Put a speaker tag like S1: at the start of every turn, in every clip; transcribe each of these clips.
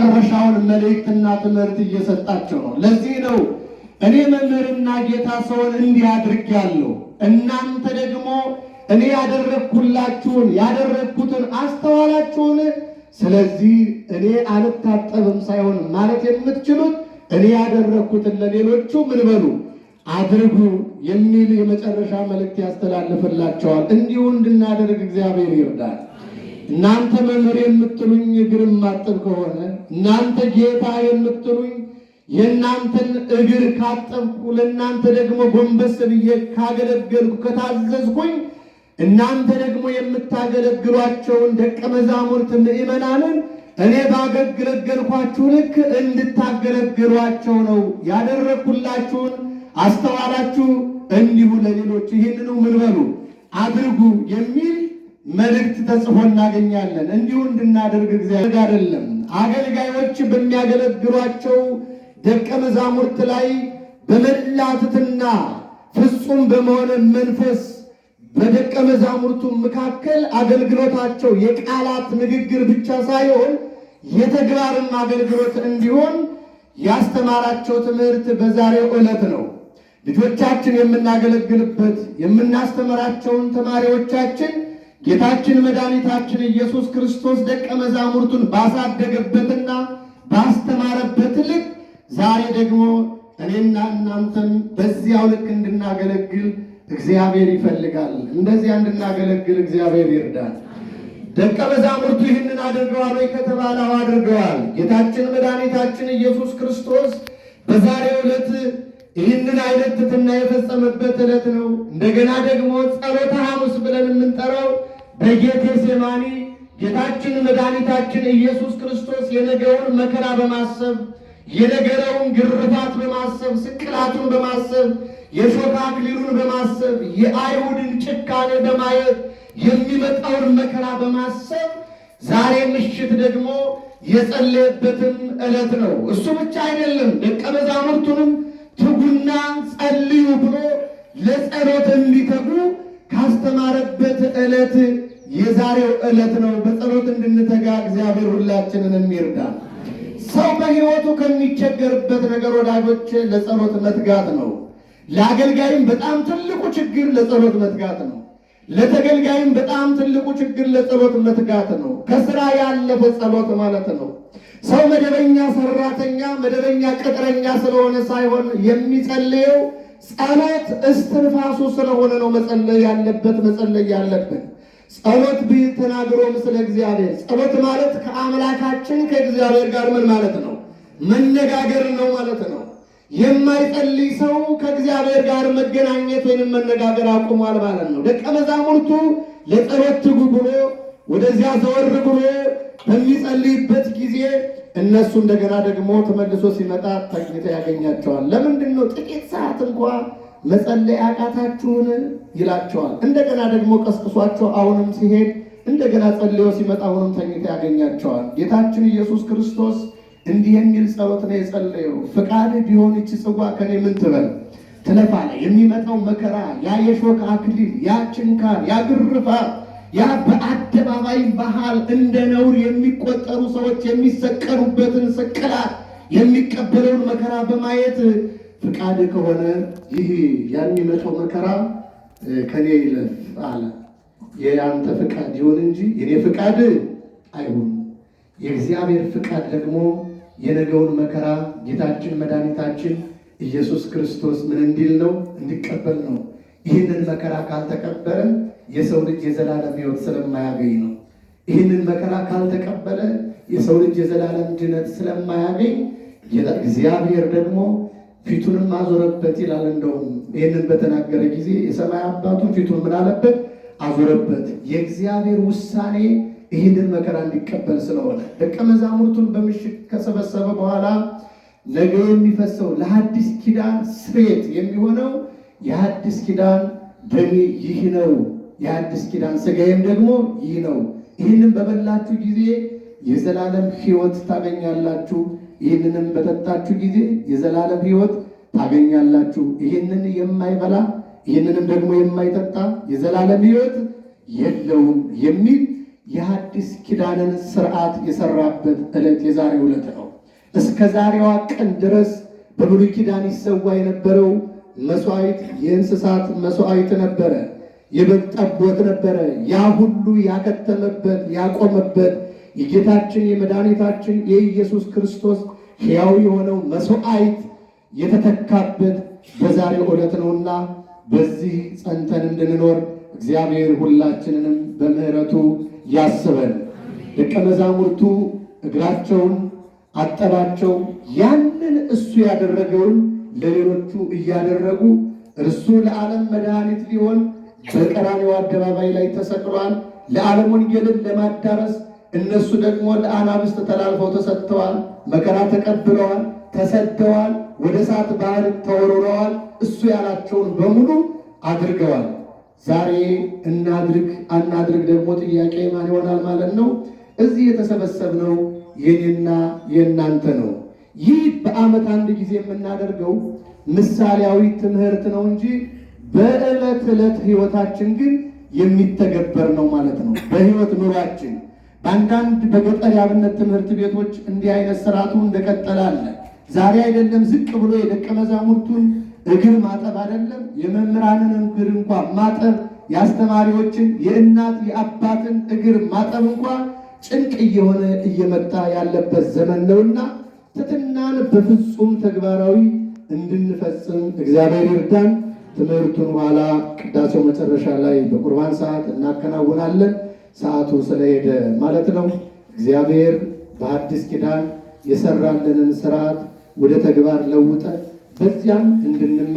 S1: መጨረሻውን መልእክትና ትምህርት እየሰጣቸው ነው። ለዚህ ነው እኔ መምህርና ጌታ ሰውን እንዲህ አድርጌአለሁ፣ እናንተ ደግሞ እኔ ያደረግኩላችሁን ያደረግኩትን አስተዋላችሁን? ስለዚህ እኔ አልታጠብም ሳይሆን ማለት የምትችሉት እኔ ያደረግኩትን ለሌሎቹ ምን በሉ አድርጉ የሚል የመጨረሻ መልእክት ያስተላልፍላቸዋል። እንዲሁ እንድናደርግ እግዚአብሔር ይርዳል። እናንተ መምህር የምትሉኝ እግር ማጠብ ከሆነ እናንተ ጌታ የምትሉኝ የእናንተን እግር ካጠብኩ ለእናንተ ደግሞ ጎንበስ ብዬ ካገለገልኩ ከታዘዝኩኝ እናንተ ደግሞ የምታገለግሏቸውን ደቀ መዛሙርት ምእመናንን እኔ ባገለገልኳችሁ ልክ እንድታገለግሏቸው ነው ያደረግኩላችሁን። አስተዋላችሁ እንዲሁ ለሌሎች ይህንኑ ምን በሉ አድርጉ የሚል መልእክት ተጽፎ እናገኛለን። እንዲሁ እንድናደርግ እግዚአብሔር አይደለም አገልጋዮች በሚያገለግሏቸው ደቀ መዛሙርት ላይ በመላትትና ፍጹም በመሆነ መንፈስ በደቀ መዛሙርቱ መካከል አገልግሎታቸው የቃላት ንግግር ብቻ ሳይሆን የተግባርም አገልግሎት እንዲሆን ያስተማራቸው ትምህርት በዛሬው ዕለት ነው። ልጆቻችን የምናገለግልበት የምናስተምራቸውን ተማሪዎቻችን ጌታችን መድኃኒታችን ኢየሱስ ክርስቶስ ደቀ መዛሙርቱን ባሳደገበትና ባስተማረበት ልክ ዛሬ ደግሞ እኔና እናንተም በዚያው ልክ እንድናገለግል እግዚአብሔር ይፈልጋል። እንደዚያ እንድናገለግል እግዚአብሔር ይርዳል። ደቀ መዛሙርቱ ይህንን አድርገዋል ወይ ከተባለው አድርገዋል። ጌታችን መድኃኒታችን ኢየሱስ ክርስቶስ በዛሬ ዕለት ይህንን አይነት ትሕትና የፈጸመበት ዕለት ነው። እንደገና ደግሞ ጸሎተ ሐሙስ ብለን የምንጠራው በጌቴሴማኒ ጌታችን መድኃኒታችን ኢየሱስ ክርስቶስ የነገውን መከራ በማሰብ የነገረውን ግርፋት በማሰብ ስቅላቱን በማሰብ የሾህ አክሊሉን በማሰብ የአይሁድን ጭካኔ በማየት የሚመጣውን መከራ በማሰብ ዛሬ ምሽት ደግሞ የጸለየበትም ዕለት ነው። እሱ ብቻ አይደለም፣ ደቀ መዛሙርቱንም ትጉና ጸልዩ ብሎ ለጸሎት እንዲተጉ ካስተማረበት ዕለት የዛሬው ዕለት ነው። በጸሎት እንድንተጋ እግዚአብሔር ሁላችንን የሚርዳል። ሰው በሕይወቱ ከሚቸገርበት ነገር ወዳጆች ለጸሎት መትጋት ነው። ለአገልጋይም በጣም ትልቁ ችግር ለጸሎት መትጋት ነው። ለተገልጋይም በጣም ትልቁ ችግር ለጸሎት መትጋት ነው። ከስራ ያለፈ ጸሎት ማለት ነው። ሰው መደበኛ ሰራተኛ፣ መደበኛ ቅጥረኛ ስለሆነ ሳይሆን የሚጸልየው ጸሎት እስትንፋሱ ስለሆነ ነው። መጸለይ ያለበት መጸለይ ያለብን ጸሎት ተናግሮ ምስለ እግዚአብሔር። ጸሎት ማለት ከአምላካችን ከእግዚአብሔር ጋር ምን ማለት ነው? መነጋገር ነው ማለት ነው። የማይጸልይ ሰው ከእግዚአብሔር ጋር መገናኘት ወይንም መነጋገር አቁሟል ማለት ነው። ደቀ መዛሙርቱ ለጸሎት ትጉ ብሎ ወደዚያ ዘወር ብሎ በሚጸልይበት ጊዜ እነሱ እንደገና ደግሞ ተመልሶ ሲመጣ ተግኝተው ያገኛቸዋል። ለምንድን ነው ጥቂት ሰዓት እንኳ መጸለይ አቃታችሁን ይላቸዋል። እንደገና ደግሞ ቀስቅሷቸው አሁንም ሲሄድ እንደገና ጸልዮ ሲመጣ አሁንም ተኝታ ያገኛቸዋል። ጌታችን ኢየሱስ ክርስቶስ እንዲህ የሚል ጸሎት ነው የጸለየው። ፍቃድ ቢሆን ይቺ ጽዋ ከኔ ምን ትበል ትለፋ ላይ የሚመጣው መከራ፣ ያ የሾክ አክሊል፣ ያ ችንካር ያ ግርፋት፣ ያ በአደባባይ ባህል እንደ ነውር የሚቆጠሩ ሰዎች የሚሰቀሉበትን ስቅላት የሚቀበለውን መከራ በማየት ፍቃድ ከሆነ ይህ የሚመጣው መከራ ከኔ ይለፍ አለ። የአንተ ፍቃድ ይሁን እንጂ የኔ ፍቃድ አይሁን። የእግዚአብሔር ፍቃድ ደግሞ የነገውን መከራ ጌታችን መድኃኒታችን ኢየሱስ ክርስቶስ ምን እንዲል ነው? እንዲቀበል ነው። ይህንን መከራ ካልተቀበለ የሰው ልጅ የዘላለም ሕይወት ስለማያገኝ ነው። ይህንን መከራ ካልተቀበለ የሰው ልጅ የዘላለም ድነት ስለማያገኝ እግዚአብሔር ደግሞ ፊቱንም አዞረበት ይላል። እንደውም ይህንን በተናገረ ጊዜ የሰማይ አባቱን ፊቱን ምን አለበት? አዞረበት። የእግዚአብሔር ውሳኔ ይህንን መከራ እንዲቀበል ስለሆነ ደቀ መዛሙርቱን በምሽት ከሰበሰበ በኋላ ነገ የሚፈሰው ለሀዲስ ኪዳን ስሬት የሚሆነው የሀዲስ ኪዳን ደሜ ይህ ነው፣ የሀዲስ ኪዳን ስጋዬም ደግሞ ይህ ነው። ይህንን በበላችሁ ጊዜ የዘላለም ሕይወት ታገኛላችሁ ይህንንም በጠጣችሁ ጊዜ የዘላለም ሕይወት ታገኛላችሁ። ይህንን የማይበላ ይህንንም ደግሞ የማይጠጣ የዘላለም ሕይወት የለውም የሚል የአዲስ ኪዳንን ስርዓት የሰራበት ዕለት የዛሬ ዕለት ነው። እስከ ዛሬዋ ቀን ድረስ በብሉይ ኪዳን ይሰዋ የነበረው መስዋዕት የእንስሳት መስዋዕት ነበረ፣ የበግ ጠቦት ነበረ። ያ ሁሉ ያከተመበት ያቆመበት የጌታችን የመድኃኒታችን የኢየሱስ ክርስቶስ ሕያው የሆነው መስዋዕት የተተካበት በዛሬው ዕለት ነውና በዚህ ጸንተን እንድንኖር እግዚአብሔር ሁላችንንም በምሕረቱ ያስበን። ደቀ መዛሙርቱ እግራቸውን አጠባቸው። ያንን እሱ ያደረገውን ለሌሎቹ እያደረጉ እርሱ ለዓለም መድኃኒት ሊሆን በቀራንዮ አደባባይ ላይ ተሰቅሏል። ለዓለም ወንጌልን ለማዳረስ እነሱ ደግሞ ለአናብስት ተላልፈው ተሰጥተዋል፣ መከራ ተቀብለዋል፣ ተሰደዋል፣ ወደ እሳት ባህር ተወርውረዋል። እሱ ያላቸውን በሙሉ አድርገዋል። ዛሬ እናድርግ አናድርግ ደግሞ ጥያቄ ማን ይሆናል ማለት ነው? እዚህ የተሰበሰብነው የኔና የእናንተ ነው። ይህ በዓመት አንድ ጊዜ የምናደርገው ምሳሌያዊ ትምህርት ነው እንጂ በዕለት ዕለት ህይወታችን ግን የሚተገበር ነው ማለት ነው። በህይወት ኑሯችን በአንዳንድ በገጠር የአብነት ትምህርት ቤቶች እንዲህ አይነት ስርዓቱ እንደቀጠለ አለ። ዛሬ አይደለም ዝቅ ብሎ የደቀ መዛሙርቱን እግር ማጠብ አይደለም የመምህራንን እግር እንኳ ማጠብ የአስተማሪዎችን የእናት የአባትን እግር ማጠብ እንኳ ጭንቅ እየሆነ እየመጣ ያለበት ዘመን ነውና ትትናን በፍጹም ተግባራዊ እንድንፈጽም እግዚአብሔር ይርዳን። ትምህርቱን ኋላ ቅዳሴው መጨረሻ ላይ በቁርባን ሰዓት እናከናውናለን። ሰዓቱ ስለሄደ ማለት ነው። እግዚአብሔር በአዲስ ኪዳን የሰራልንን ስርዓት ወደ ተግባር ለውጠ በዚያም እንድንማ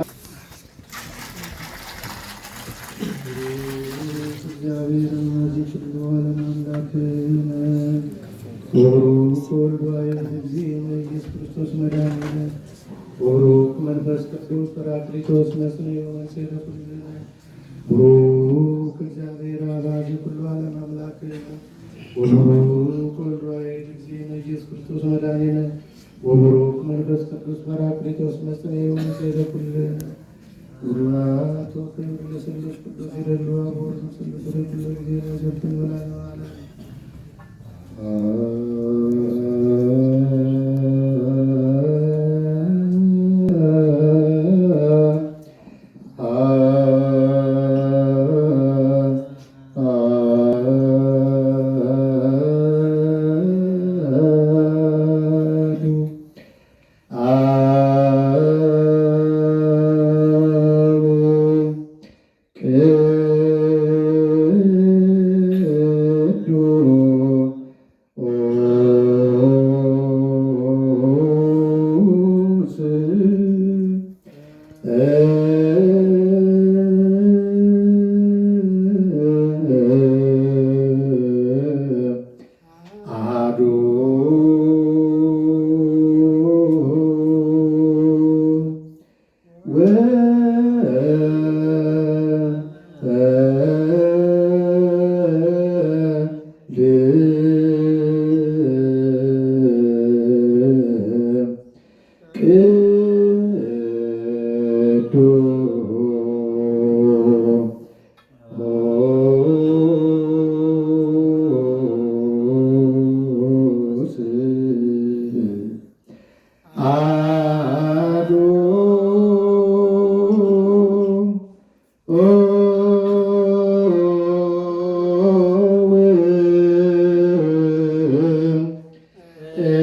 S1: መንፈስ ቅዱስ ጰራቅሊጦስ መስነ ቡሩክ እግዚአብሔር አራጅ ኩሉ ዓለም አምላክ ወቡሩክ ወልድ ዋሕድ እግዚእነ ኢየሱስ ክርስቶስ መድኃኒነ ወቡሩክ መንፈስ ቅዱስ ጰራቅሊጦስ መጽንዕ ወመጽአተ ኩሉ ወስብሐት ወክብር ለስሉስ ቅዱስ ይረሉ አቦ ስሉስ ረዱ ለጊዜ ዘብትን በላለ አለ